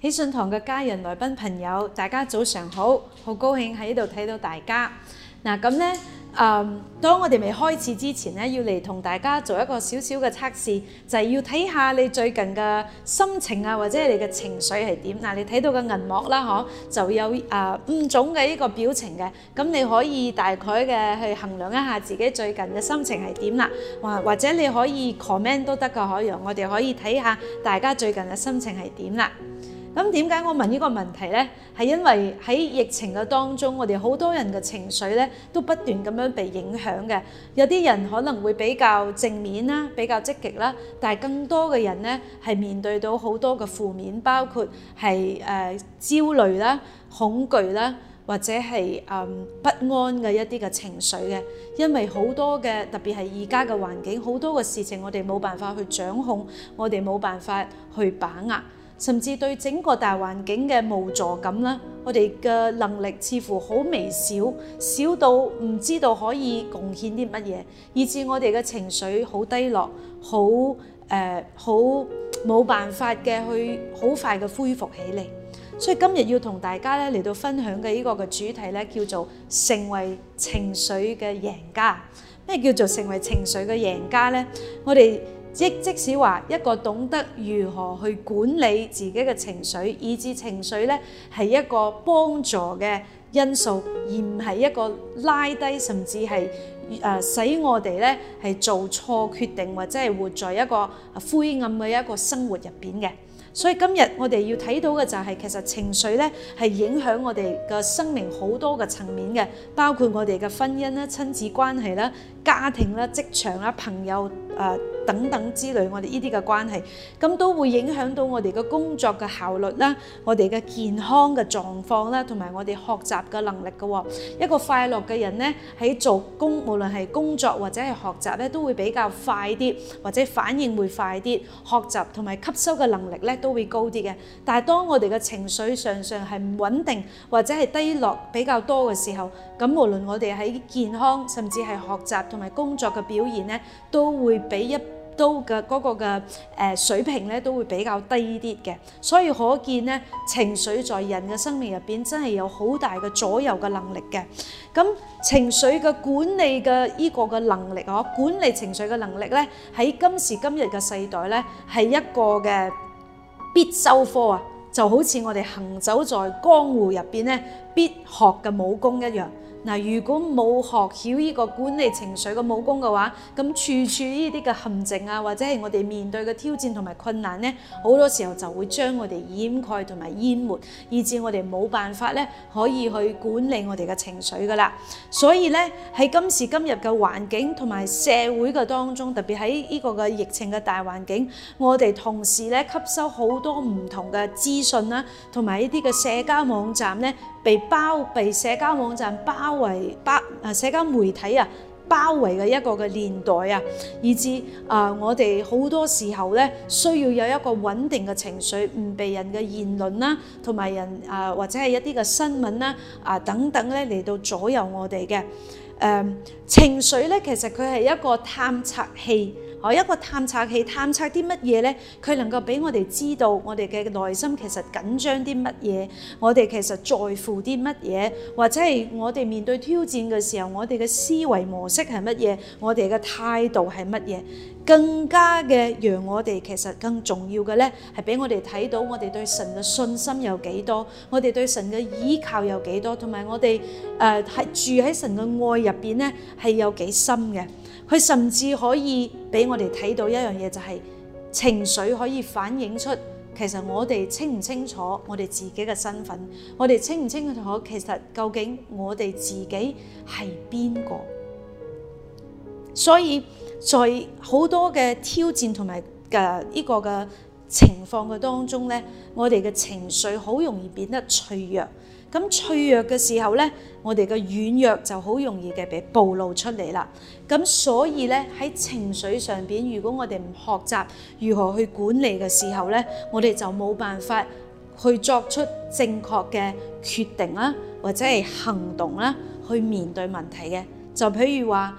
喜信堂嘅家人、來賓、朋友，大家早上好，好高興喺呢度睇到大家。嗱咁呢，當我哋未開始之前呢，要嚟同大家做一個小小嘅測試，就係要睇下你最近嘅心情啊，或者你嘅情緒係點。嗱，你睇到嘅銀幕啦，嗬，就有五種嘅呢個表情嘅，咁你可以大概嘅去衡量一下自己最近嘅心情係點啦，或或者你可以 comment 都得㗎。海洋，我哋可以睇下大家最近嘅心情係點啦。咁點解我問呢個問題呢？係因為喺疫情嘅當中，我哋好多人嘅情緒呢都不斷咁樣被影響嘅。有啲人可能會比較正面啦，比較積極啦，但係更多嘅人呢係面對到好多嘅負面，包括係誒、呃、焦慮啦、恐懼啦，或者係誒、呃、不安嘅一啲嘅情緒嘅。因為好多嘅特別係而家嘅環境，好多嘅事情我哋冇辦法去掌控，我哋冇辦法去把握。甚至對整個大環境嘅無助感咧，我哋嘅能力似乎好微小，小到唔知道可以貢獻啲乜嘢，以致我哋嘅情緒好低落，好誒好冇辦法嘅去好快嘅恢復起嚟。所以今日要同大家咧嚟到分享嘅呢個嘅主題咧，叫做成為情緒嘅贏家。咩叫做成為情緒嘅贏家咧？我哋即即使話一個懂得如何去管理自己嘅情緒，以至情緒咧係一個幫助嘅因素，而唔係一個拉低，甚至係誒使我哋咧係做錯決定，或者係活在一個灰暗嘅一個生活入面嘅。所以今日我哋要睇到嘅就係其實情緒咧係影響我哋嘅生命好多嘅層面嘅，包括我哋嘅婚姻啦、親子關係啦、家庭啦、職場啦、朋友誒。等等之類，我哋呢啲嘅關係，咁都會影響到我哋嘅工作嘅效率啦，我哋嘅健康嘅狀況啦，同埋我哋學習嘅能力嘅。一個快樂嘅人呢，喺做工，無論係工作或者係學習呢，都會比較快啲，或者反應會快啲，學習同埋吸收嘅能力呢都會高啲嘅。但係當我哋嘅情緒常常係唔穩定或者係低落比較多嘅時候，咁無論我哋喺健康甚至係學習同埋工作嘅表現呢，都會比一，都嘅嗰個嘅誒水平咧，都會比較低啲嘅，所以可見咧，情緒在人嘅生命入邊真係有好大嘅左右嘅能力嘅。咁情緒嘅管理嘅依個嘅能力啊，管理情緒嘅能力咧，喺今時今日嘅世代咧，係一個嘅必修科啊，就好似我哋行走在江湖入邊咧，必學嘅武功一樣。嗱，如果冇學曉呢個管理情緒嘅武功嘅話，咁處處呢啲嘅陷阱啊，或者係我哋面對嘅挑戰同埋困難呢，好多時候就會將我哋掩蓋同埋淹沒，以至我哋冇辦法呢可以去管理我哋嘅情緒㗎喇。所以呢，喺今時今日嘅環境同埋社會嘅當中，特別喺呢個嘅疫情嘅大環境，我哋同時呢吸收好多唔同嘅資訊啦，同埋依啲嘅社交網站呢。被包被社交網站包圍包誒社交媒體啊包圍嘅一個嘅年代啊，以至啊、呃、我哋好多時候咧需要有一個穩定嘅情緒，唔被人嘅言論啦、啊，同埋人誒、呃、或者係一啲嘅新聞啦啊、呃、等等咧嚟到左右我哋嘅誒情緒咧，其實佢係一個探測器。我一個探測器探測啲乜嘢咧？佢能夠俾我哋知道我哋嘅內心其實緊張啲乜嘢，我哋其實在乎啲乜嘢，或者係我哋面對挑戰嘅時候，我哋嘅思維模式係乜嘢，我哋嘅態度係乜嘢，更加嘅讓我哋其實更重要嘅咧，係俾我哋睇到我哋對神嘅信心有幾多，我哋對神嘅依靠有幾多，同埋我哋誒係住喺神嘅愛入邊咧係有幾深嘅。佢甚至可以俾我哋睇到一樣嘢，就係情緒可以反映出其實我哋清唔清楚我哋自己嘅身份，我哋清唔清楚其實究竟我哋自己係邊個。所以在好多嘅挑戰同埋嘅呢個嘅情況嘅當中咧，我哋嘅情緒好容易變得脆弱。咁脆弱嘅時候呢，我哋嘅軟弱就好容易嘅被暴露出嚟啦。咁所以呢，喺情緒上邊，如果我哋唔學習如何去管理嘅時候呢，我哋就冇辦法去作出正確嘅決定啦，或者係行動啦，去面對問題嘅。就譬如話。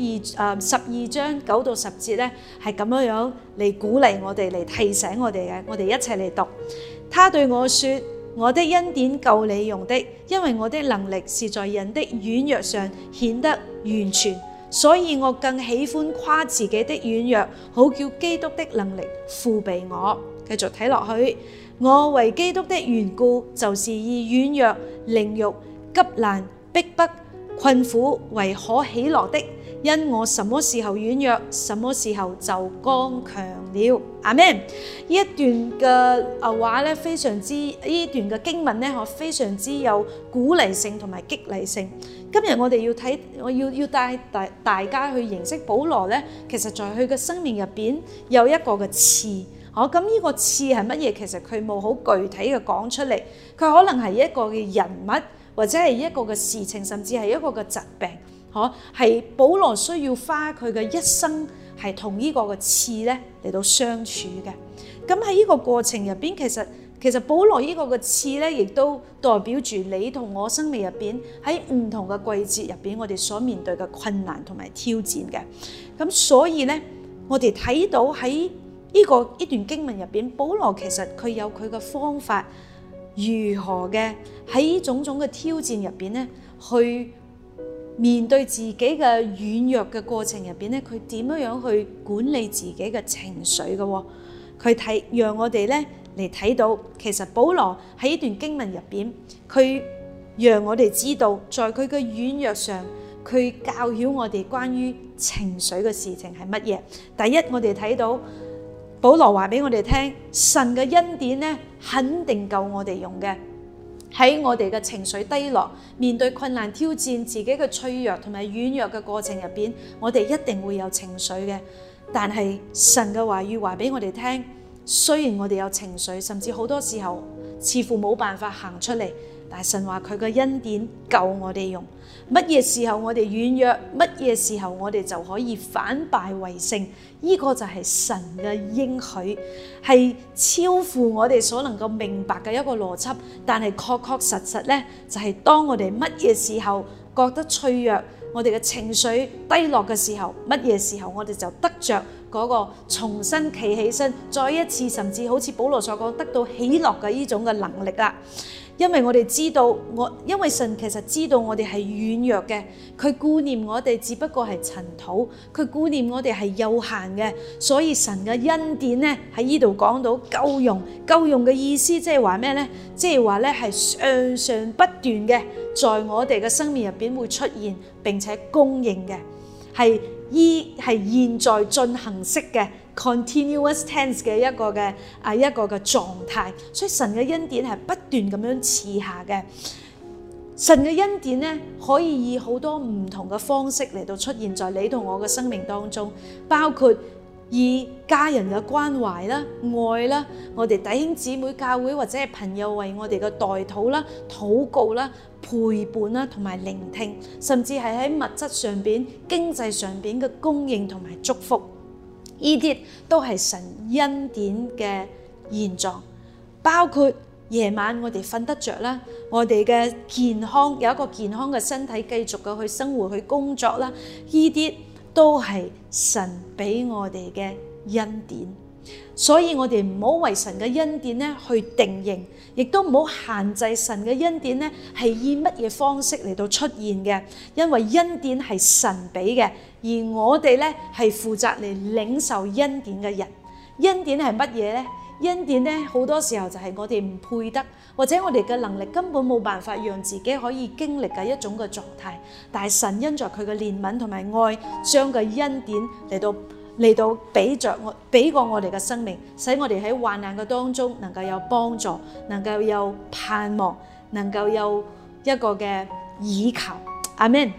二誒，十二章九到十節咧，係咁樣樣嚟鼓勵我哋，嚟提醒我哋嘅。我哋一齊嚟讀。他對我說：「我的恩典夠你用的，因為我的能力是在人的軟弱上顯得完全，所以我更喜歡誇自己的軟弱，好叫基督的能力覆庇我。繼續睇落去，我為基督的緣故，就是以軟弱、凌辱、急難、逼迫,迫、困苦為可喜樂的。因我什麼時候軟弱，什麼時候就剛強了。阿 Man，呢一段嘅啊話呢，非常之呢段嘅經文呢，我非常之有鼓勵性同埋激勵性。今日我哋要睇，我要要帶大大家去認識保羅呢。其實在佢嘅生命入邊有一個嘅刺，我咁呢個刺係乜嘢？其實佢冇好具體嘅講出嚟，佢可能係一個嘅人物，或者係一個嘅事情，甚至係一個嘅疾病。嗬，係保羅需要花佢嘅一生，係同呢個嘅刺咧嚟到相處嘅。咁喺呢個過程入邊，其實其實保羅呢個嘅刺咧，亦都代表住你同我生命入邊喺唔同嘅季節入邊，我哋所面對嘅困難同埋挑戰嘅。咁所以咧，我哋睇到喺呢個呢段經文入邊，保羅其實佢有佢嘅方法，如何嘅喺種種嘅挑戰入邊咧去。面對自己嘅軟弱嘅過程入邊咧，佢點樣樣去管理自己嘅情緒嘅？佢睇讓我哋咧嚟睇到，其實保羅喺呢段經文入邊，佢讓我哋知道，在佢嘅軟弱上，佢教曉我哋關於情緒嘅事情係乜嘢？第一，我哋睇到保羅話俾我哋聽，神嘅恩典咧肯定夠我哋用嘅。喺我哋嘅情緒低落、面對困難挑戰、自己嘅脆弱同埋軟弱嘅過程入邊，我哋一定會有情緒嘅。但係神嘅話語話俾我哋聽，雖然我哋有情緒，甚至好多時候似乎冇辦法行出嚟，但係神話佢嘅恩典夠我哋用。乜嘢時候我哋軟弱，乜嘢時候我哋就可以反敗為勝。呢、這個就係神嘅應許，係超乎我哋所能夠明白嘅一個邏輯，但係確確實實呢，就係，是，當我哋乜嘢時候覺得脆弱，我哋嘅情緒低落嘅時候，乜嘢時候我哋就得着嗰個重新企起身，再一次甚至好似保羅所講得到喜樂嘅呢種嘅能力啦。因為我哋知道，我因為神其實知道我哋係軟弱嘅，佢顧念我哋只不過係塵土，佢顧念我哋係有限嘅，所以神嘅恩典呢，喺呢度講到夠用，夠用嘅意思即係話咩呢？即係話呢係上上不斷嘅，在我哋嘅生命入邊會出現，並且供應嘅，係依係現在進行式嘅。Continuous tense 嘅一個嘅啊一個嘅狀態，所以神嘅恩典係不斷咁樣賜下嘅。神嘅恩典咧，可以以好多唔同嘅方式嚟到出現在你同我嘅生命當中，包括以家人嘅關懷啦、愛啦，我哋弟兄姊妹、教會或者係朋友為我哋嘅代禱啦、禱告啦、陪伴啦，同埋聆聽，甚至係喺物質上邊、經濟上邊嘅供應同埋祝福。呢啲都係神恩典嘅現狀，包括夜晚我哋瞓得着啦，我哋嘅健康，有一個健康嘅身體，繼續嘅去生活，去工作啦，呢啲都係神俾我哋嘅恩典。所以我哋唔好為神嘅恩典呢去定型，亦都唔好限制神嘅恩典呢係以乜嘢方式嚟到出現嘅，因為恩典係神俾嘅，而我哋呢係負責嚟領受恩典嘅人。恩典係乜嘢呢？恩典呢好多時候就係我哋唔配得，或者我哋嘅能力根本冇辦法讓自己可以經歷嘅一種嘅狀態。但係神因着佢嘅憐憫同埋愛，將個恩典嚟到。嚟到俾着我，俾過我哋嘅生命，使我哋喺患難嘅當中能夠有幫助，能夠有盼望，能夠有一個嘅以求。阿門。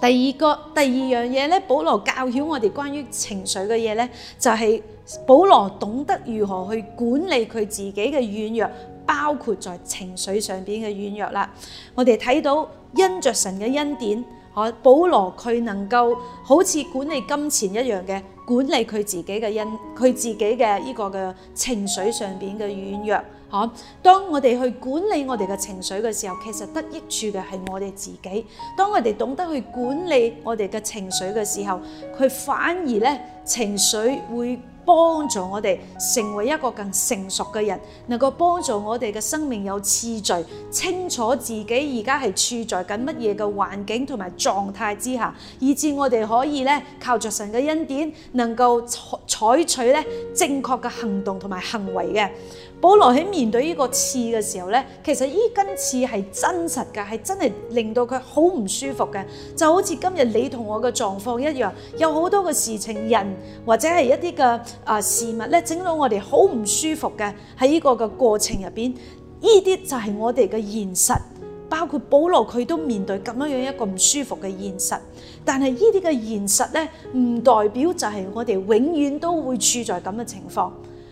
第二個第二樣嘢咧，保羅教曉我哋關於情緒嘅嘢咧，就係保羅懂得如何去管理佢自己嘅軟弱，包括在情緒上邊嘅軟弱啦。我哋睇到因着神嘅恩典。保羅佢能夠好似管理金錢一樣嘅管理佢自己嘅因佢自己嘅呢個嘅情緒上邊嘅軟弱。吓，當我哋去管理我哋嘅情緒嘅時候，其實得益處嘅係我哋自己。當我哋懂得去管理我哋嘅情緒嘅時候，佢反而咧情緒會。幫助我哋成為一個更成熟嘅人，能夠幫助我哋嘅生命有次序，清楚自己而家係處在緊乜嘢嘅環境同埋狀態之下，以至我哋可以咧靠着神嘅恩典，能夠採取咧正確嘅行動同埋行為嘅。保羅喺面對呢個刺嘅時候咧，其實呢根刺係真實嘅，係真係令到佢好唔舒服嘅，就好似今日你同我嘅狀況一樣，有好多嘅事情，人或者係一啲嘅。啊事物咧，整到我哋好唔舒服嘅。喺呢個嘅過程入邊，呢啲就係我哋嘅現實，包括保羅佢都面對咁樣樣一個唔舒服嘅現實。但係呢啲嘅現實咧，唔代表就係我哋永遠都會處在咁嘅情況，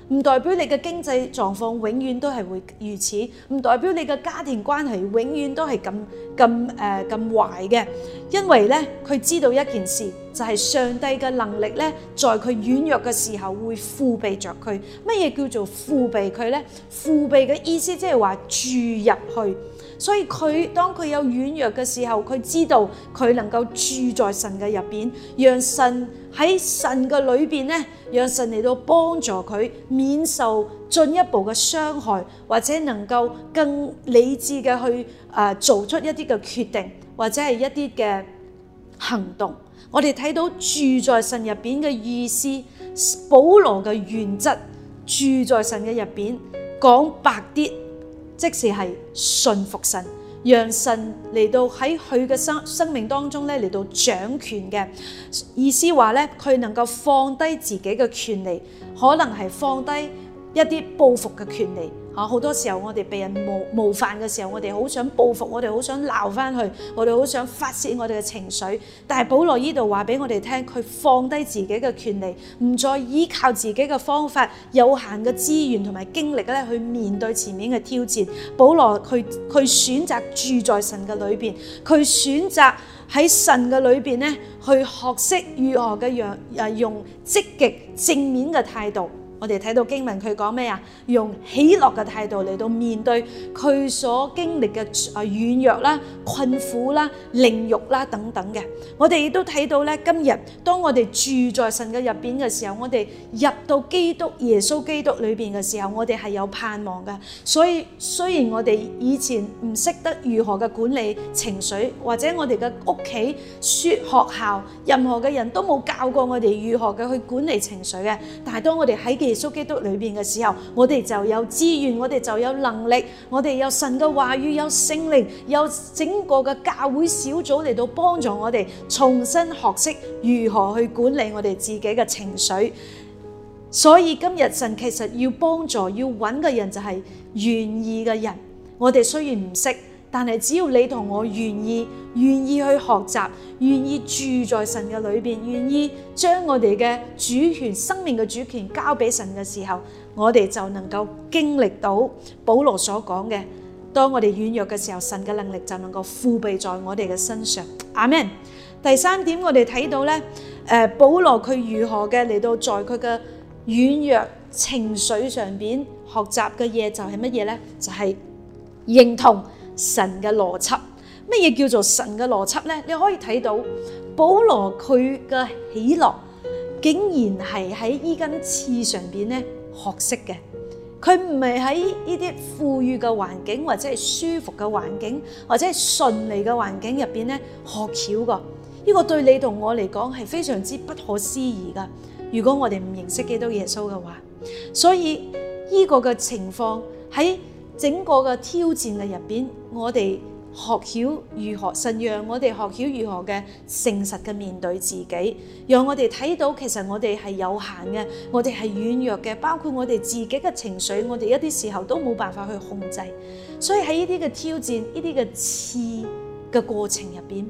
唔代表你嘅經濟狀況永遠都係會如此，唔代表你嘅家庭關係永遠都係咁咁誒咁壞嘅。因為咧，佢知道一件事。就係上帝嘅能力咧，在佢軟弱嘅時候會覆庇着佢。乜嘢叫做覆庇佢呢？覆庇嘅意思即係話住入去。所以佢當佢有軟弱嘅時候，佢知道佢能夠住在神嘅入邊，讓神喺神嘅裏邊咧，讓神嚟到幫助佢免受進一步嘅傷害，或者能夠更理智嘅去誒做出一啲嘅決定，或者係一啲嘅行動。我哋睇到住在神入邊嘅意思，保羅嘅原則住在神嘅入邊，講白啲，即使係信服神，讓神嚟到喺佢嘅生生命當中咧嚟到掌權嘅意思呢，話咧佢能夠放低自己嘅權利，可能係放低一啲報復嘅權利。啊！好多時候我哋被人冒冒犯嘅時候，我哋好想報復，我哋好想鬧返佢，我哋好想發泄我哋嘅情緒。但係保羅呢度話俾我哋聽，佢放低自己嘅權利，唔再依靠自己嘅方法、有限嘅資源同埋經歷咧去面對前面嘅挑戰。保羅佢佢選擇住在神嘅裏面，佢選擇喺神嘅裏面咧去學識如何嘅樣、啊、用積極正面嘅態度。我哋睇到經文佢講咩啊？用喜樂嘅態度嚟到面對佢所經歷嘅啊軟弱啦、困苦啦、凌辱啦等等嘅。我哋亦都睇到咧，今日當我哋住在神嘅入邊嘅時候，我哋入到基督耶穌基督裏邊嘅時候，我哋係有盼望嘅。所以雖然我哋以前唔識得如何嘅管理情緒，或者我哋嘅屋企、說學、學校，任何嘅人都冇教過我哋如何嘅去管理情緒嘅。但係當我哋喺耶穌基督裏面嘅時候，我哋就有資源，我哋就有能力，我哋有神嘅話語，有聖靈，有整個嘅教會小組嚟到幫助我哋重新學識如何去管理我哋自己嘅情緒。所以今日神其實要幫助要揾嘅人就係願意嘅人。我哋雖然唔識。但係，只要你同我願意，願意去學習，願意住在神嘅裏邊，願意將我哋嘅主權、生命嘅主權交俾神嘅時候，我哋就能夠經歷到保羅所講嘅。當我哋軟弱嘅時候，神嘅能力就能夠覆庇在我哋嘅身上。阿門，第三點，我哋睇到咧，誒，保羅佢如何嘅嚟到在佢嘅軟弱情緒上邊學習嘅嘢就係乜嘢咧？就係、是、認同。神嘅邏輯，乜嘢叫做神嘅邏輯咧？你可以睇到保羅佢嘅喜樂，竟然係喺呢根刺上邊咧學識嘅。佢唔係喺呢啲富裕嘅環境或者係舒服嘅環境或者係順利嘅環境入邊咧學巧嘅。呢個對你同我嚟講係非常之不可思議噶。如果我哋唔認識基督耶穌嘅話，所以呢個嘅情況喺。整個嘅挑戰嘅入邊，我哋學曉如何神讓我哋學曉如何嘅誠實嘅面對自己，讓我哋睇到其實我哋係有限嘅，我哋係軟弱嘅，包括我哋自己嘅情緒，我哋一啲時候都冇辦法去控制。所以喺呢啲嘅挑戰、呢啲嘅刺嘅過程入邊，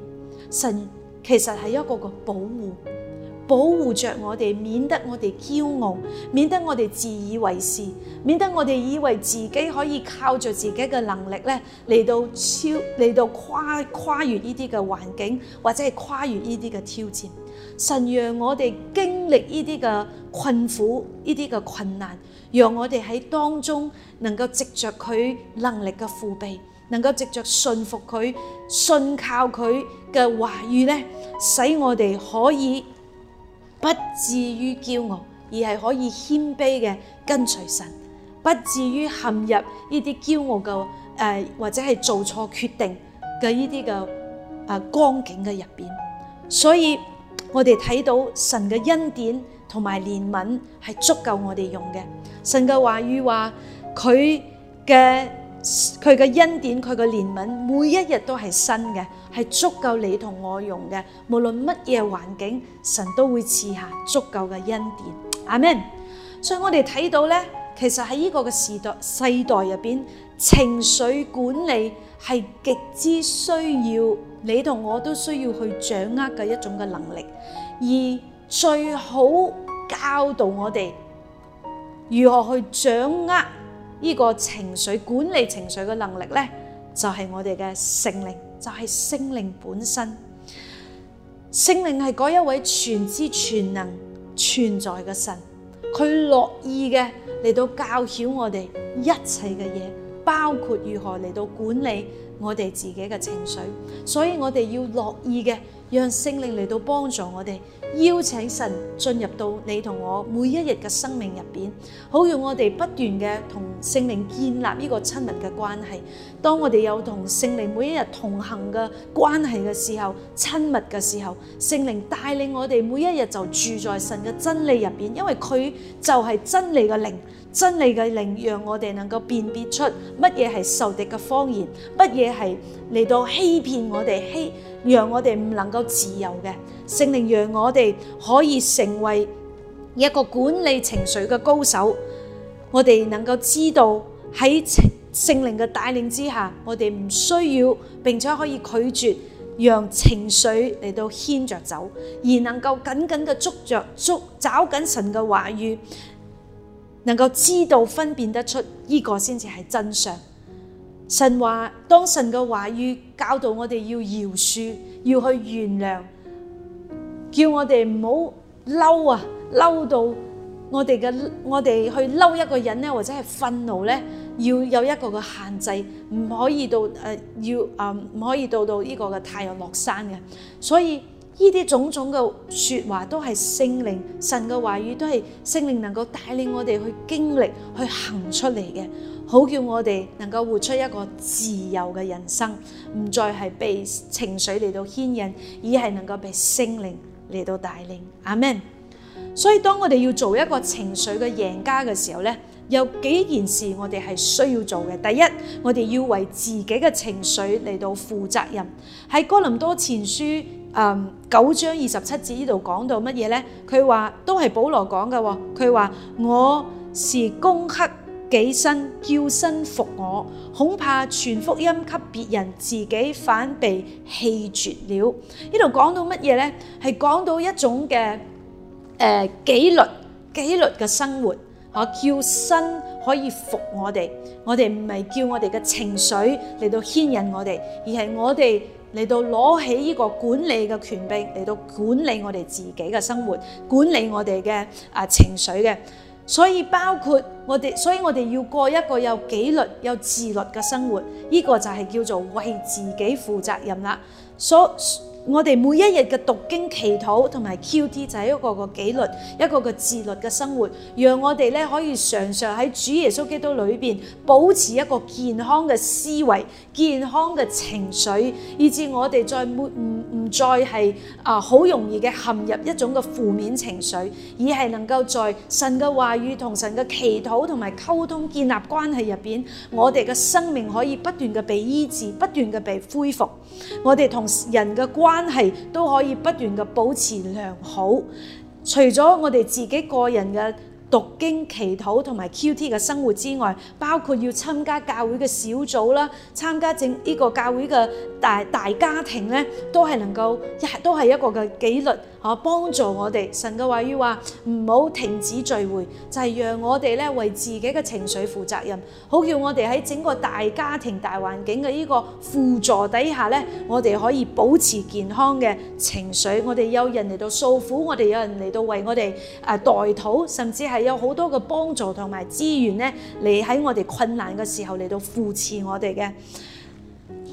神其實係一個個保護。保護着我哋，免得我哋驕傲，免得我哋自以為是，免得我哋以為自己可以靠著自己嘅能力咧，嚟到超，嚟到跨，跨越呢啲嘅環境，或者係跨越呢啲嘅挑戰。神讓我哋經歷呢啲嘅困苦，呢啲嘅困難，讓我哋喺當中能夠藉着佢能力嘅扶庇，能夠藉着信服佢、信靠佢嘅話語咧，使我哋可以。不至於驕傲，而係可以謙卑嘅跟隨神，不至於陷入呢啲驕傲嘅誒、呃，或者係做錯決定嘅呢啲嘅啊光景嘅入邊。所以我哋睇到神嘅恩典同埋憐憫係足夠我哋用嘅。神嘅話語話佢嘅。佢嘅恩典，佢嘅憐憫，每一日都係新嘅，係足夠你同我用嘅。無論乜嘢環境，神都會賜下足夠嘅恩典。阿門。所以我哋睇到咧，其實喺呢個嘅時代、世代入邊，情緒管理係極之需要，你同我都需要去掌握嘅一種嘅能力。而最好教導我哋如何去掌握。呢個情緒管理情緒嘅能力呢，就係我哋嘅聖靈，就係聖靈本身。聖靈係嗰一位全知全能存在嘅神，佢樂意嘅嚟到教曉我哋一切嘅嘢，包括如何嚟到管理我哋自己嘅情緒，所以我哋要樂意嘅，讓聖靈嚟到幫助我哋。邀請神進入到你同我每一日嘅生命入邊，好讓我哋不斷嘅同聖靈建立呢個親密嘅關係。當我哋有同聖靈每一日同行嘅關係嘅時候，親密嘅時候，聖靈帶領我哋每一日就住在神嘅真理入邊，因為佢就係真理嘅靈，真理嘅靈讓我哋能夠辨別出乜嘢係受敵嘅謊言，乜嘢係嚟到欺騙我哋欺。讓我哋唔能夠自由嘅聖靈，讓我哋可以成為一個管理情緒嘅高手。我哋能夠知道喺聖靈嘅帶領之下，我哋唔需要，並且可以拒絕讓情緒嚟到牽着走，而能夠緊緊嘅捉着、捉，抓緊神嘅話語，能夠知道分辨得出呢、這個先至係真相。神話，當神嘅話語教導我哋要饒恕，要去原諒，叫我哋唔好嬲啊！嬲到我哋嘅，我哋去嬲一個人咧，或者係憤怒咧，要有一個嘅限制，唔可以到誒、呃，要啊，唔、呃、可以到到呢個嘅太陽落山嘅。所以呢啲種種嘅說話都係聖靈，神嘅話語都係聖靈能夠帶領我哋去經歷，去行出嚟嘅。好叫我哋能夠活出一個自由嘅人生，唔再係被情緒嚟到牽引，而係能夠被聖靈嚟到帶領。阿門，所以當我哋要做一個情緒嘅贏家嘅時候呢，有幾件事我哋係需要做嘅。第一，我哋要為自己嘅情緒嚟到負責任。喺哥林多前書誒、嗯、九章二十七節呢度講到乜嘢呢？佢話都係保羅講嘅，佢話我是攻克。己身叫身服我，恐怕傳福音給別人，自己反被棄絕了。呢度講到乜嘢呢？係講到一種嘅紀、呃、律，紀律嘅生活。吓、啊，叫身可以服我哋，我哋唔係叫我哋嘅情緒嚟到牽引我哋，而係我哋嚟到攞起呢個管理嘅權柄嚟到管理我哋自己嘅生活，管理我哋嘅啊情緒嘅。所以包括我哋，所以我哋要過一個有紀律、有自律嘅生活，呢、這個就係叫做為自己負責任啦。所、so，我哋每一日嘅讀經祈禱同埋 QT 就係一個個紀律，一個個自律嘅生活，讓我哋咧可以常常喺主耶穌基督裏邊保持一個健康嘅思維、健康嘅情緒，以致我哋再唔唔再係啊好容易嘅陷入一種嘅負面情緒，而係能夠在神嘅話語同神嘅祈禱同埋溝通建立關係入邊，我哋嘅生命可以不斷嘅被醫治、不斷嘅被恢復。我哋同人嘅關係關係都可以不斷嘅保持良好，除咗我哋自己個人嘅。讀經祈禱同埋 QT 嘅生活之外，包括要參加教會嘅小組啦，參加整呢個教會嘅大大家庭咧，都係能夠一都係一個嘅紀律吓、啊，幫助我哋。神嘅話語話唔好停止聚會，就係、是、讓我哋咧為自己嘅情緒負責任，好叫我哋喺整個大家庭大環境嘅呢個輔助底下咧，我哋可以保持健康嘅情緒。我哋有人嚟到訴苦，我哋有人嚟到為我哋誒、呃呃、代禱，甚至係。係有好多嘅幫助同埋資源咧，嚟喺我哋困難嘅時候嚟到扶持我哋嘅。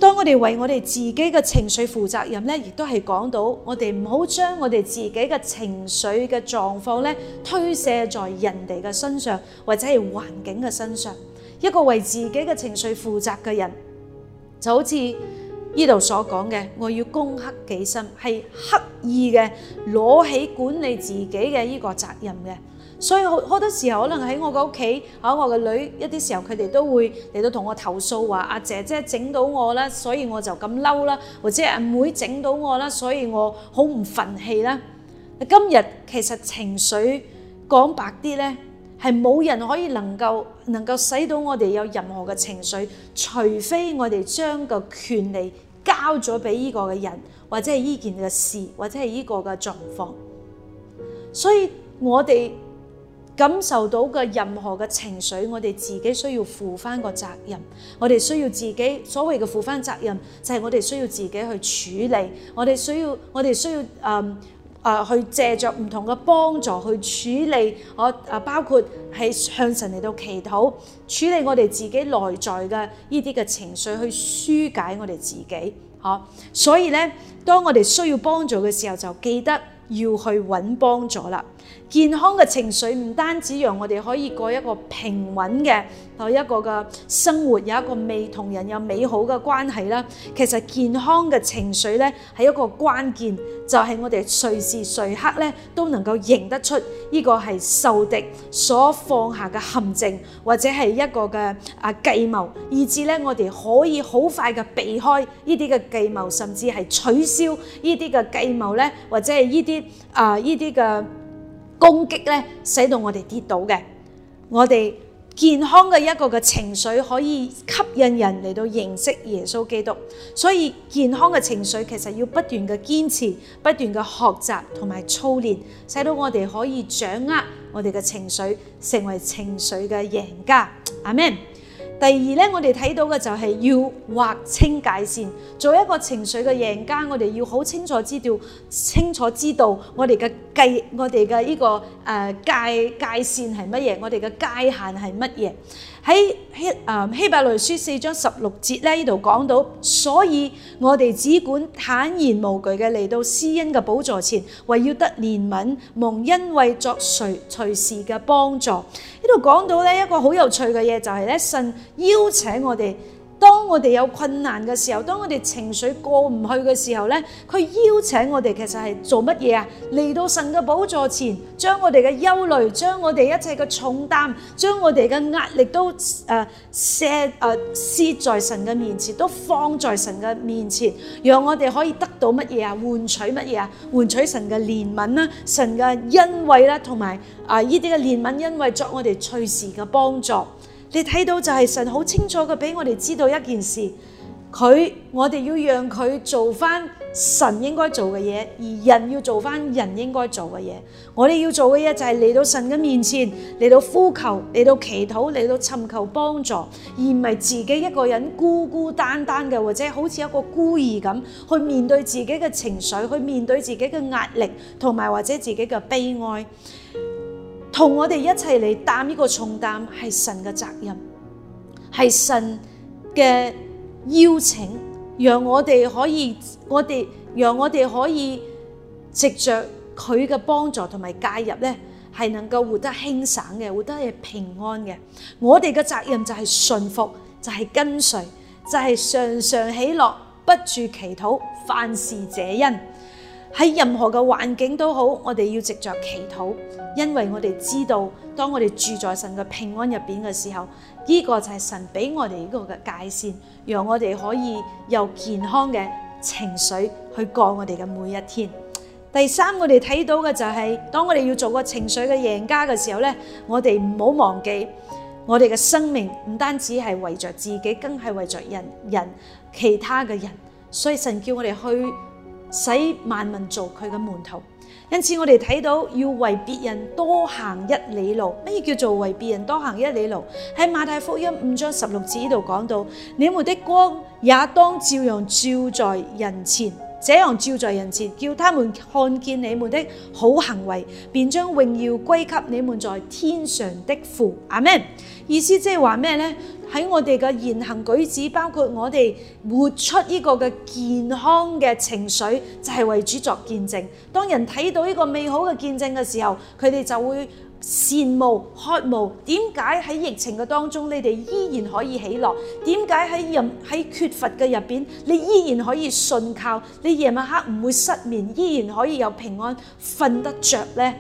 當我哋為我哋自己嘅情緒負責任咧，亦都係講到我哋唔好將我哋自己嘅情緒嘅狀況咧推卸在人哋嘅身上或者係環境嘅身上。一個為自己嘅情緒負責嘅人，就好似呢度所講嘅，我要攻克己身，係刻意嘅攞起管理自己嘅呢個責任嘅。所以好多時候，可能喺我嘅屋企，喺我嘅女一啲時候，佢哋都會嚟到同我投訴話：阿姐姐整到我啦，所以我就咁嬲啦；或者阿妹整到我啦，所以我好唔忿氣啦。今日其實情緒講白啲咧，係冇人可以能夠能夠使到我哋有任何嘅情緒，除非我哋將個權利交咗俾依個嘅人，或者係依件嘅事，或者係依個嘅狀況。所以我哋，感受到嘅任何嘅情緒，我哋自己需要負翻個責任。我哋需要自己所謂嘅負翻責任，就係我哋需要自己去處理。我哋需要，我哋需要誒誒、呃呃呃，去借着唔同嘅幫助去處理我誒、呃，包括係向神嚟到祈禱，處理我哋自己內在嘅呢啲嘅情緒，去紓解我哋自己。吓、呃，所以咧，當我哋需要幫助嘅時候，就記得要去揾幫助啦。健康嘅情緒唔單止讓我哋可以過一個平穩嘅，有一個嘅生活，有一個未同人有美好嘅關係啦。其實健康嘅情緒咧，係一個關鍵，就係、是、我哋隨時隨刻咧都能夠認得出呢個係受敵所放下嘅陷阱，或者係一個嘅啊計謀，以致咧我哋可以好快嘅避開呢啲嘅計謀，甚至係取消呢啲嘅計謀咧，或者係呢啲啊呢啲嘅。呃攻擊咧，使到我哋跌倒嘅。我哋健康嘅一個嘅情緒，可以吸引人嚟到認識耶穌基督。所以健康嘅情緒，其實要不斷嘅堅持，不斷嘅學習同埋操練，使到我哋可以掌握我哋嘅情緒，成為情緒嘅贏家。阿門。第二咧，我哋睇到嘅就係要劃清界線，做一個情緒嘅贏家。我哋要好清楚知道，清楚知道我哋嘅界，我哋嘅呢個誒界界線係乜嘢，我哋嘅界限係乜嘢。喺希誒希伯來書四章十六節咧，呢度講到，所以我哋只管坦然無懼嘅嚟到施恩嘅寶座前，為要得憐憫，蒙恩惠作隨隨時嘅幫助。呢度講到咧一個好有趣嘅嘢，就係咧神邀請我哋。當我哋有困難嘅時候，當我哋情緒過唔去嘅時候呢，佢邀請我哋，其實係做乜嘢啊？嚟到神嘅寶座前，將我哋嘅憂慮，將我哋一切嘅重擔，將我哋嘅壓力都誒卸誒卸在神嘅面前，都放在神嘅面前，讓我哋可以得到乜嘢啊？換取乜嘢啊？換取神嘅憐憫啦，神嘅恩惠啦，同埋啊呢啲嘅憐憫恩惠作我哋隨時嘅幫助。你睇到就係神好清楚嘅俾我哋知道一件事，佢，我哋要讓佢做翻神應該做嘅嘢，而人要做翻人應該做嘅嘢。我哋要做嘅嘢就係嚟到神嘅面前，嚟到呼求，嚟到祈禱，嚟到尋求幫助，而唔係自己一個人孤孤單單嘅，或者好似一個孤兒咁去面對自己嘅情緒，去面對自己嘅壓力，同埋或者自己嘅悲哀。同我哋一齊嚟擔呢個重擔，係神嘅責任，係神嘅邀請，讓我哋可以，我哋讓我哋可以藉着佢嘅幫助同埋介入咧，係能夠活得輕省嘅，活得係平安嘅。我哋嘅責任就係順服，就係跟隨，就係常常喜樂，不住祈禱，凡事謝恩。喺任何嘅環境都好，我哋要藉着祈禱，因為我哋知道，當我哋住在神嘅平安入邊嘅時候，呢、這個就係神俾我哋呢個嘅界線，讓我哋可以有健康嘅情緒去過我哋嘅每一天。第三，我哋睇到嘅就係、是，當我哋要做個情緒嘅贏家嘅時候，呢，我哋唔好忘記，我哋嘅生命唔單止係為着自己，更係為着人人其他嘅人。所以神叫我哋去。使萬民做佢嘅門徒，因此我哋睇到要為別人多行一里路。咩叫做為別人多行一里路？喺馬太福音五章十六節呢度講到：你們的光也當照樣照在人前。這樣照在人前，叫他們看見你們的好行為，便將榮耀歸給你們在天上的父。阿門。意思即係話咩呢？喺我哋嘅言行舉止，包括我哋活出呢個嘅健康嘅情緒，就係、是、為主作見證。當人睇到呢個美好嘅見證嘅時候，佢哋就會。羨慕、渴慕，點解喺疫情嘅當中，你哋依然可以起落？點解喺任喺缺乏嘅入邊，你依然可以信靠？你夜晚黑唔會失眠，依然可以有平安瞓得着呢？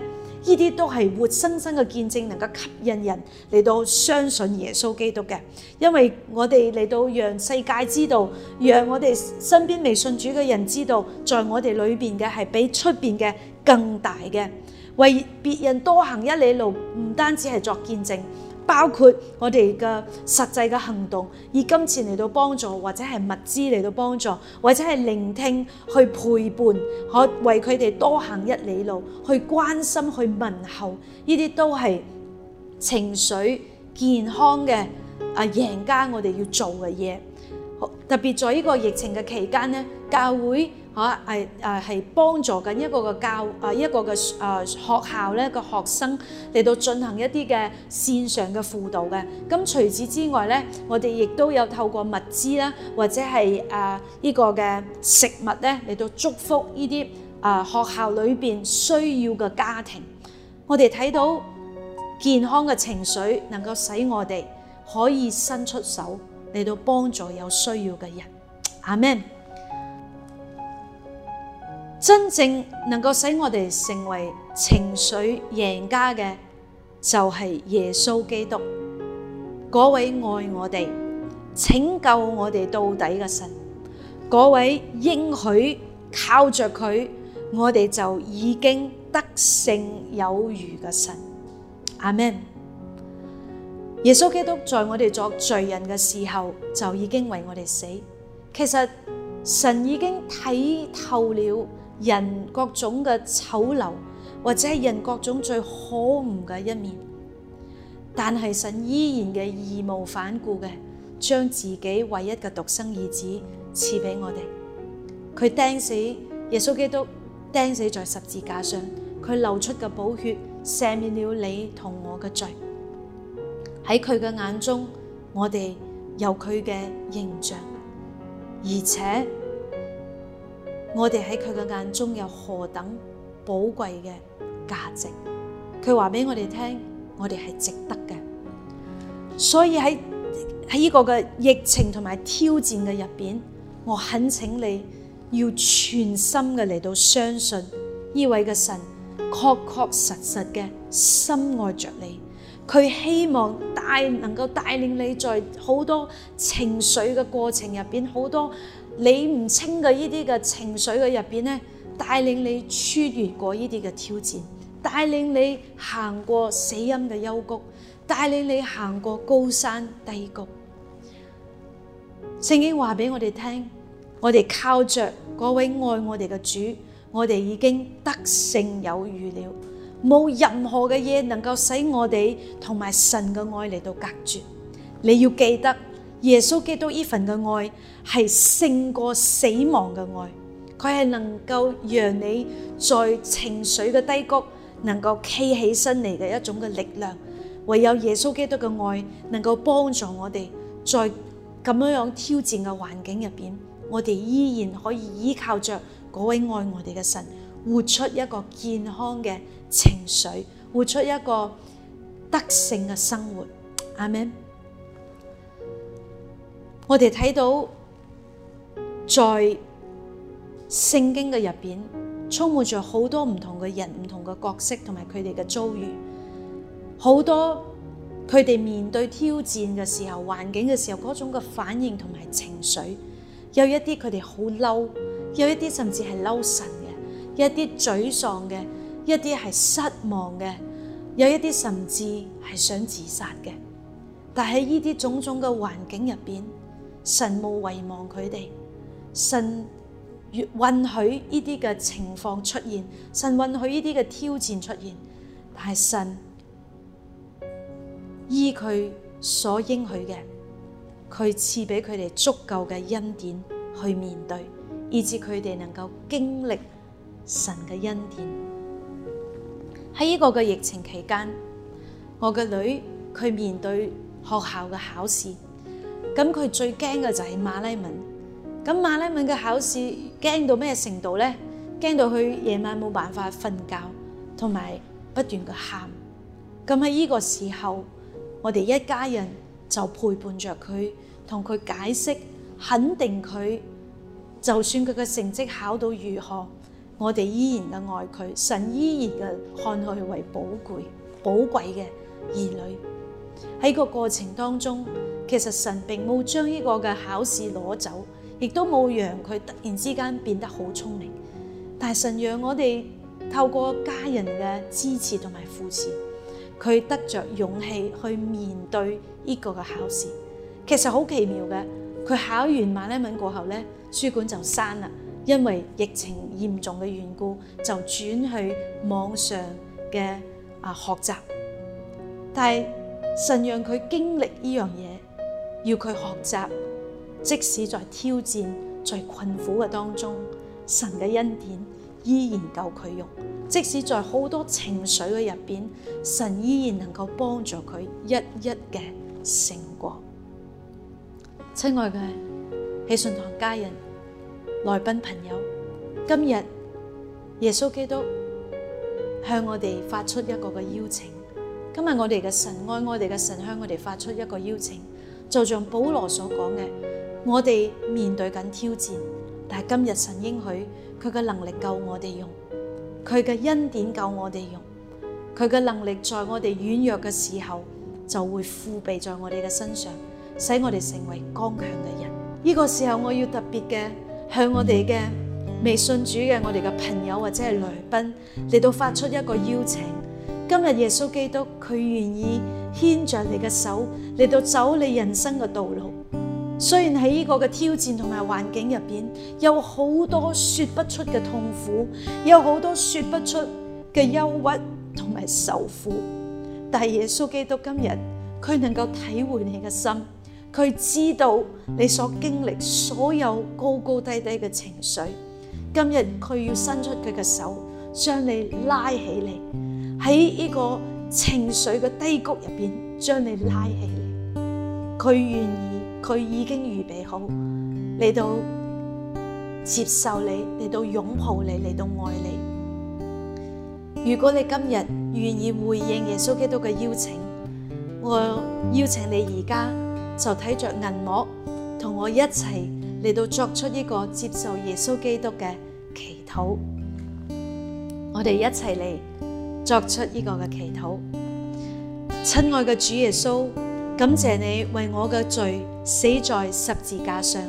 呢啲都係活生生嘅見證，能夠吸引人嚟到相信耶穌基督嘅。因為我哋嚟到讓世界知道，讓我哋身邊未信主嘅人知道，在我哋裏邊嘅係比出邊嘅更大嘅。為別人多行一里路，唔單止係作見證，包括我哋嘅實際嘅行動，以金錢嚟到幫助，或者係物資嚟到幫助，或者係聆聽去陪伴，我為佢哋多行一里路，去關心去問候，呢啲都係情緒健康嘅啊贏家，我哋要做嘅嘢，特別在呢個疫情嘅期間呢，教會。啊，係啊，係幫助緊一個嘅教啊，一個嘅啊學校咧嘅學生嚟到進行一啲嘅線上嘅輔導嘅。咁除此之外咧，我哋亦都有透過物資啦，或者係啊呢個嘅食物咧嚟到祝福呢啲啊學校裏邊需要嘅家庭。我哋睇到健康嘅情緒，能夠使我哋可以伸出手嚟到幫助有需要嘅人。阿們。真正能夠使我哋成為情緒贏家嘅，就係耶穌基督，嗰位愛我哋、拯救我哋到底嘅神，嗰位應許靠着佢，我哋就已經得勝有餘嘅神。阿門。耶穌基督在我哋作罪人嘅時候，就已經為我哋死，其實神已經睇透了。人各種嘅醜陋，或者係人各種最可惡嘅一面，但係神依然嘅義無反顧嘅，將自己唯一嘅獨生兒子賜俾我哋。佢釘死耶穌基督，釘死在十字架上，佢流出嘅寶血赦免了你同我嘅罪。喺佢嘅眼中，我哋有佢嘅形象，而且。我哋喺佢嘅眼中有何等寶貴嘅價值？佢話俾我哋聽，我哋係值得嘅。所以喺喺呢個嘅疫情同埋挑戰嘅入邊，我懇請你要全心嘅嚟到相信呢位嘅神，確確實實嘅深愛着你。佢希望帶能夠帶領你在好多情緒嘅過程入邊，好多。理唔清嘅呢啲嘅情緒嘅入邊咧，帶領你穿越過呢啲嘅挑戰，帶領你行過死蔭嘅幽谷，帶領你行過高山低谷。聖經話俾我哋聽，我哋靠着嗰位愛我哋嘅主，我哋已經得勝有餘了，冇任何嘅嘢能夠使我哋同埋神嘅愛嚟到隔絕。你要記得。耶穌基督依份嘅愛係勝過死亡嘅愛，佢係能夠讓你在情緒嘅低谷能夠企起身嚟嘅一種嘅力量。唯有耶穌基督嘅愛能夠幫助我哋，在咁樣樣挑戰嘅環境入邊，我哋依然可以依靠着嗰位愛我哋嘅神，活出一個健康嘅情緒，活出一個德性嘅生活。阿門。我哋睇到在聖經嘅入邊，充滿着好多唔同嘅人、唔同嘅角色，同埋佢哋嘅遭遇。好多佢哋面對挑戰嘅時候，環境嘅時候，嗰種嘅反應同埋情緒，有一啲佢哋好嬲，有一啲甚至係嬲神嘅，一啲沮喪嘅，一啲係失望嘅，有一啲甚至係想自殺嘅。但係呢啲種種嘅環境入邊，神冇遺忘佢哋，神越允許呢啲嘅情況出現，神允許呢啲嘅挑戰出現，但係神依佢所應許嘅，佢賜俾佢哋足夠嘅恩典去面對，以至佢哋能夠經歷神嘅恩典。喺呢個嘅疫情期間，我嘅女佢面對學校嘅考試。咁佢最驚嘅就係馬來文，咁馬來文嘅考試驚到咩程度咧？驚到佢夜晚冇辦法瞓覺，同埋不斷嘅喊。咁喺呢個時候，我哋一家人就陪伴着佢，同佢解釋，肯定佢，就算佢嘅成績考到如何，我哋依然嘅愛佢，神依然嘅看佢為寶貴，寶貴嘅兒女。喺個過程當中。其實神並冇將呢個嘅考試攞走，亦都冇讓佢突然之間變得好聰明。但係神讓我哋透過家人嘅支持同埋扶持，佢得着勇氣去面對呢個嘅考試。其實好奇妙嘅，佢考完馬來文過後咧，書館就閂啦，因為疫情嚴重嘅緣故，就轉去網上嘅啊學習。但係神讓佢經歷呢樣嘢。要佢學習，即使在挑戰、在困苦嘅當中，神嘅恩典依然夠佢用；即使在好多情緒嘅入邊，神依然能夠幫助佢一一嘅勝過。親愛嘅喜信堂家人、來賓朋友，今日耶穌基督向我哋發出一個嘅邀請。今日我哋嘅神愛我哋嘅神，向我哋發出一個邀請。就像保羅所講嘅，我哋面對緊挑戰，但係今日神應許佢嘅能力夠我哋用，佢嘅恩典夠我哋用，佢嘅能力在我哋軟弱嘅時候就會覆庇在我哋嘅身上，使我哋成為剛強嘅人。呢、這個時候我要特別嘅向我哋嘅未信主嘅我哋嘅朋友或者係來賓嚟到發出一個邀請。今日耶穌基督佢願意。牽着你嘅手嚟到走你人生嘅道路，雖然喺呢個嘅挑戰同埋環境入邊有好多說不出嘅痛苦，有好多說不出嘅憂鬱同埋愁苦，但耶穌基督今日佢能夠體會你嘅心，佢知道你所經歷所有高高低低嘅情緒，今日佢要伸出佢嘅手將你拉起嚟喺呢個情緒嘅低谷入邊，將你拉起嚟，佢願意，佢已經預備好嚟到接受你，嚟到擁抱你，嚟到愛你。如果你今日願意回應耶穌基督嘅邀請，我邀請你而家就睇着銀幕，同我一齊嚟到作出呢個接受耶穌基督嘅祈禱。我哋一齊嚟。作出呢個嘅祈禱，親愛嘅主耶穌，感謝你為我嘅罪死在十字架上。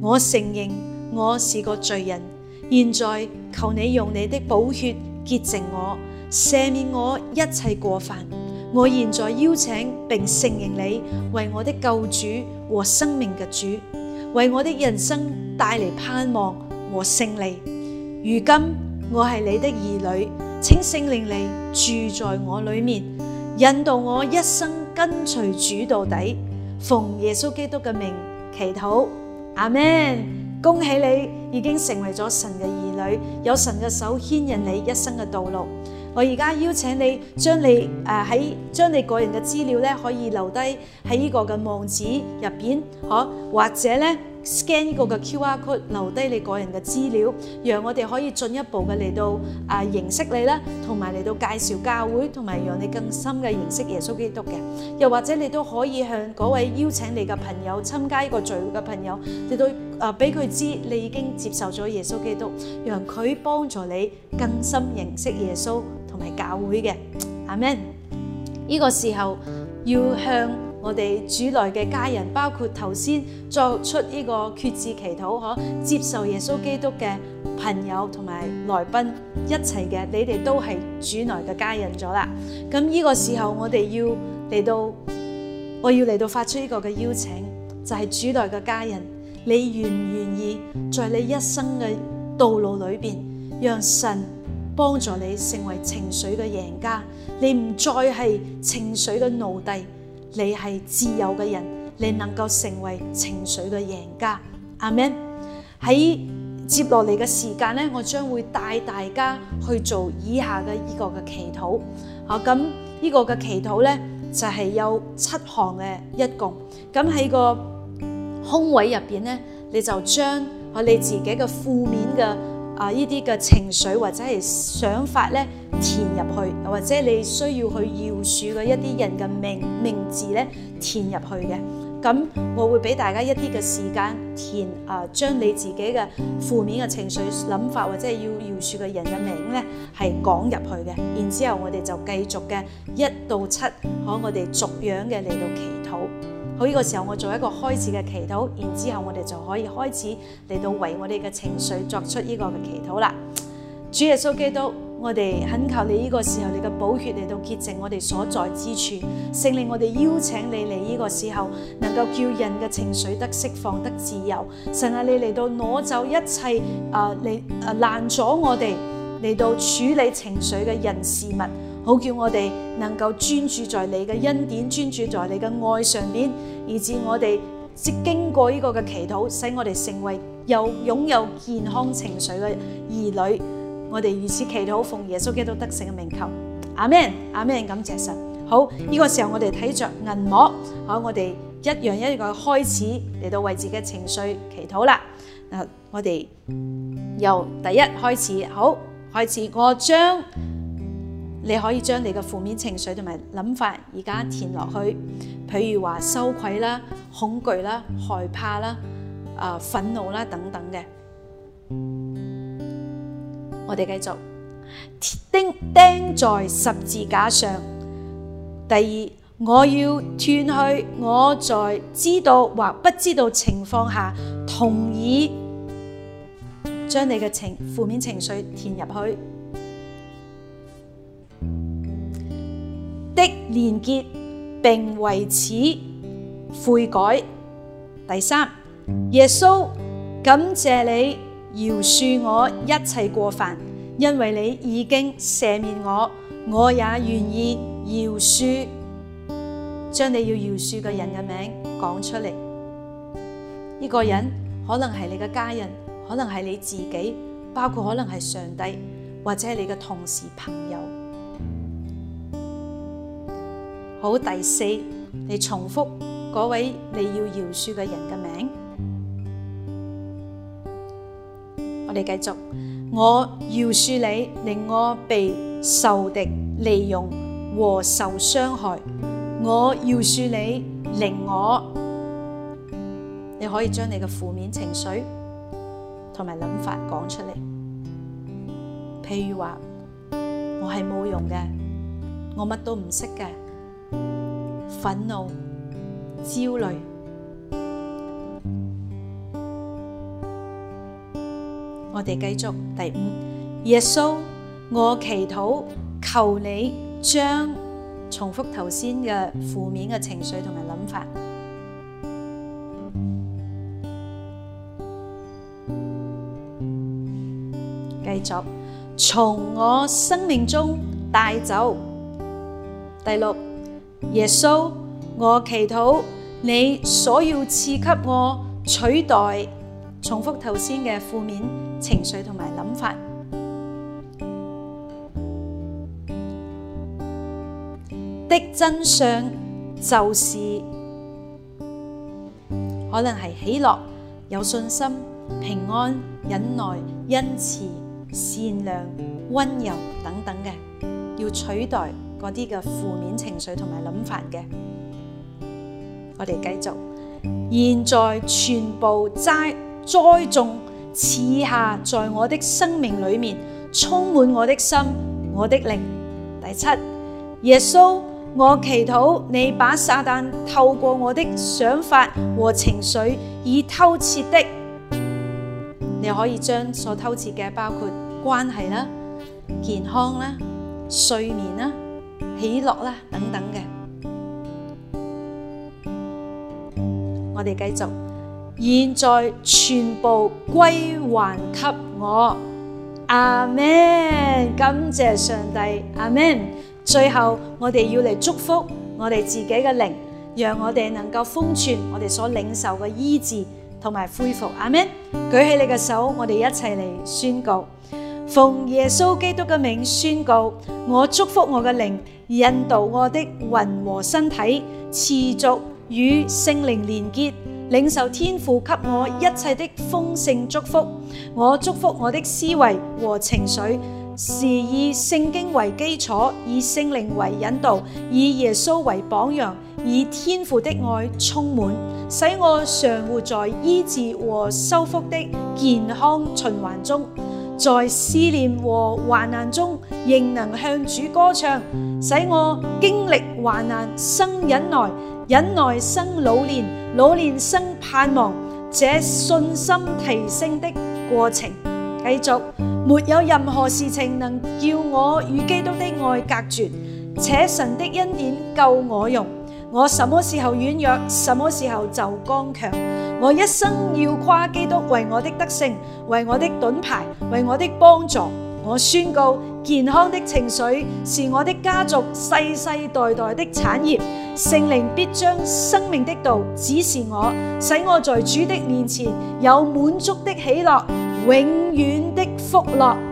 我承認我是個罪人，現在求你用你的寶血潔淨我，赦免我一切過犯。我現在邀請並承認你為我的救主和生命嘅主，為我的人生帶嚟盼望和勝利。如今我係你的兒女。請聖靈嚟住在我裏面，引導我一生跟隨主到底。奉耶穌基督嘅名祈禱，阿門。恭喜你已經成為咗神嘅兒女，有神嘅手牽引你一生嘅道路。我而家邀請你將你誒喺、啊、將你個人嘅資料咧，可以留低喺呢個嘅網址入邊，嗬、啊、或者咧。scan 呢個嘅 QR code 留低你個人嘅資料，讓我哋可以進一步嘅嚟到啊認識你啦，同埋嚟到介紹教會，同埋讓你更深嘅認識耶穌基督嘅。又或者你都可以向嗰位邀請你嘅朋友參加呢個聚會嘅朋友嚟到啊俾佢知你已經接受咗耶穌基督，讓佢幫助你更深認識耶穌同埋教會嘅。阿門。呢個時候要向。我哋主內嘅家人，包括頭先作出呢個決志祈禱，可接受耶穌基督嘅朋友同埋來賓一齊嘅，你哋都係主內嘅家人咗啦。咁呢個時候，我哋要嚟到，我要嚟到發出呢個嘅邀請，就係主內嘅家人，你願唔願意在你一生嘅道路裏邊，讓神幫助你成為情緒嘅贏家，你唔再係情緒嘅奴隸。你係自由嘅人，你能夠成為情緒嘅贏家。阿們。喺接落嚟嘅時間咧，我將會帶大家去做以下嘅依個嘅祈禱。啊，咁呢個嘅祈禱咧就係有七項嘅一共。咁喺個空位入邊咧，你就將我你自己嘅負面嘅。啊！呢啲嘅情緒或者係想法咧，填入去，或者你需要去饒恕嘅一啲人嘅名名字咧，填入去嘅。咁，我會俾大家一啲嘅時間填啊，將你自己嘅負面嘅情緒、諗法或者係要饒恕嘅人嘅名咧，係講入去嘅。然之後我，我哋就繼續嘅一到七，可我哋逐樣嘅嚟到祈禱。好、呢、這個時候我做一個開始嘅祈禱，然之後我哋就可以開始嚟到為我哋嘅情緒作出呢個嘅祈禱啦。主耶穌基督，我哋懇求你呢個時候，你嘅寶血嚟到潔淨我哋所在之處，聖靈我哋邀請你嚟呢個時候，能夠叫人嘅情緒得釋放得自由，神啊，你嚟到攞走一切，呃、啊嚟啊，爛咗我哋嚟到處理情緒嘅人事物，好叫我哋能夠專注在你嘅恩典，專注在你嘅愛上邊。以至我哋，即經過呢個嘅祈禱，使我哋成為又擁有健康情緒嘅兒女。我哋如此祈禱，奉耶穌基督得勝嘅名求，阿門，阿門，感謝神。好，呢個時候我哋睇着銀幕，好，我哋一樣一個開始嚟到為自己嘅情緒祈禱啦。嗱，我哋由第一開始，好，開始我將。你可以將你嘅負面情緒同埋諗法而家，填落去，譬如話羞愧啦、恐懼啦、害怕啦、啊、呃、憤怒啦等等嘅。我哋繼續釘釘在十字架上。第二，我要斷去我在知道或不知道情況下同意將你嘅情負面情緒填入去，的連結，並為此悔改。第三，耶穌，感謝你饒恕我一切過犯，因為你已經赦免我，我也願意饒恕。將你要饒恕嘅人嘅名講出嚟，呢個人可能係你嘅家人，可能係你自己，包括可能係上帝，或者係你嘅同事朋友。好，第四，你重複嗰位你要饒恕嘅人嘅名。我哋繼續，我饒恕你，令我被受敵利用和受傷害。我饒恕你，令我，你可以將你嘅負面情緒同埋諗法講出嚟。譬如話，我係冇用嘅，我乜都唔識嘅。憤怒、焦慮，我哋繼續第五。耶穌，我祈禱，求你將重複頭先嘅負面嘅情緒同埋諗法，繼續從我生命中帶走。第六。耶穌，我祈禱你所要賜給我取代重複頭先嘅負面情緒同埋諗法的真相，就是可能係喜樂、有信心、平安、忍耐、恩慈、善良、溫柔等等嘅，要取代。嗰啲嘅負面情緒同埋諗法嘅，我哋繼續。現在全部栽栽種，賜下在我的生命裏面，充滿我的心，我的靈。第七，耶穌，我祈禱你把撒旦透過我的想法和情緒以偷竊的，你可以將所偷竊嘅包括關係啦、健康啦、睡眠啦。喜樂啦，等等嘅，我哋繼續。現在全部歸還給我，阿門。感謝上帝，阿門。最後，我哋要嚟祝福我哋自己嘅靈，讓我哋能夠封存我哋所領受嘅醫治同埋恢復，阿門。舉起你嘅手，我哋一齊嚟宣告。奉耶穌基督嘅名宣告，我祝福我嘅靈，引導我的魂和身體持續與聖靈連結，領受天父給我一切的豐盛祝福。我祝福我的思維和情緒，是以聖經為基礎，以聖靈為引導，以耶穌為榜樣，以天父的愛充滿，使我常活在醫治和修復的健康循環中。在思念和患難中，仍能向主歌唱，使我經歷患難生忍耐，忍耐生老練，老練生盼望。這信心提升的過程，繼續沒有任何事情能叫我與基督的愛隔絕，且神的恩典夠我用。我什麼時候軟弱，什麼時候就剛強。我一生要誇基督為我的得勝，為我的盾牌，為我的幫助。我宣告，健康的情緒是我的家族世世代代的產業。聖靈必將生命的道指示我，使我在主的面前有滿足的喜樂，永遠的福樂。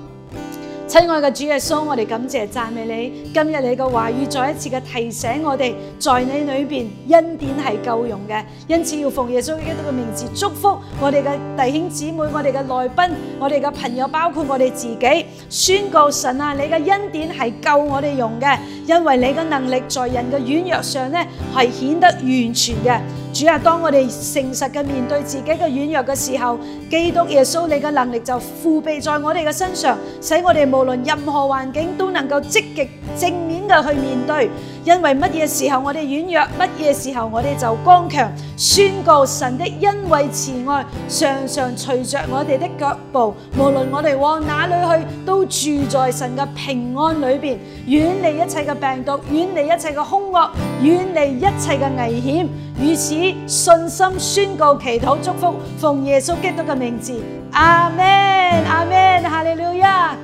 親愛的主耶穌，我哋感謝讚美你。今日你嘅話語再一次嘅提醒我哋，在你裏邊恩典是夠用嘅，因此要奉耶穌基督嘅名字祝福我哋嘅弟兄姊妹、我哋嘅來賓、我哋嘅朋友，包括我哋自己，宣告神啊，你嘅恩典是夠我哋用嘅，因為你嘅能力在人嘅軟弱上呢係顯得完全嘅。主啊，當我哋誠實嘅面對自己嘅軟弱嘅時候，基督耶穌，你嘅能力就覆庇在我哋嘅身上，使我哋無論任何環境都能夠積極正面嘅去面對。因為乜嘢時候我哋軟弱，乜嘢時候我哋就剛強，宣告神的恩惠慈愛，常常隨着我哋的腳步，無論我哋往哪裏去，都住在神嘅平安裏邊，遠離一切嘅病毒，遠離一切嘅凶惡，遠離一切嘅危險。如此信心宣告、祈禱、祝福，奉耶穌基督嘅名字，阿門，阿門，哈利路亞。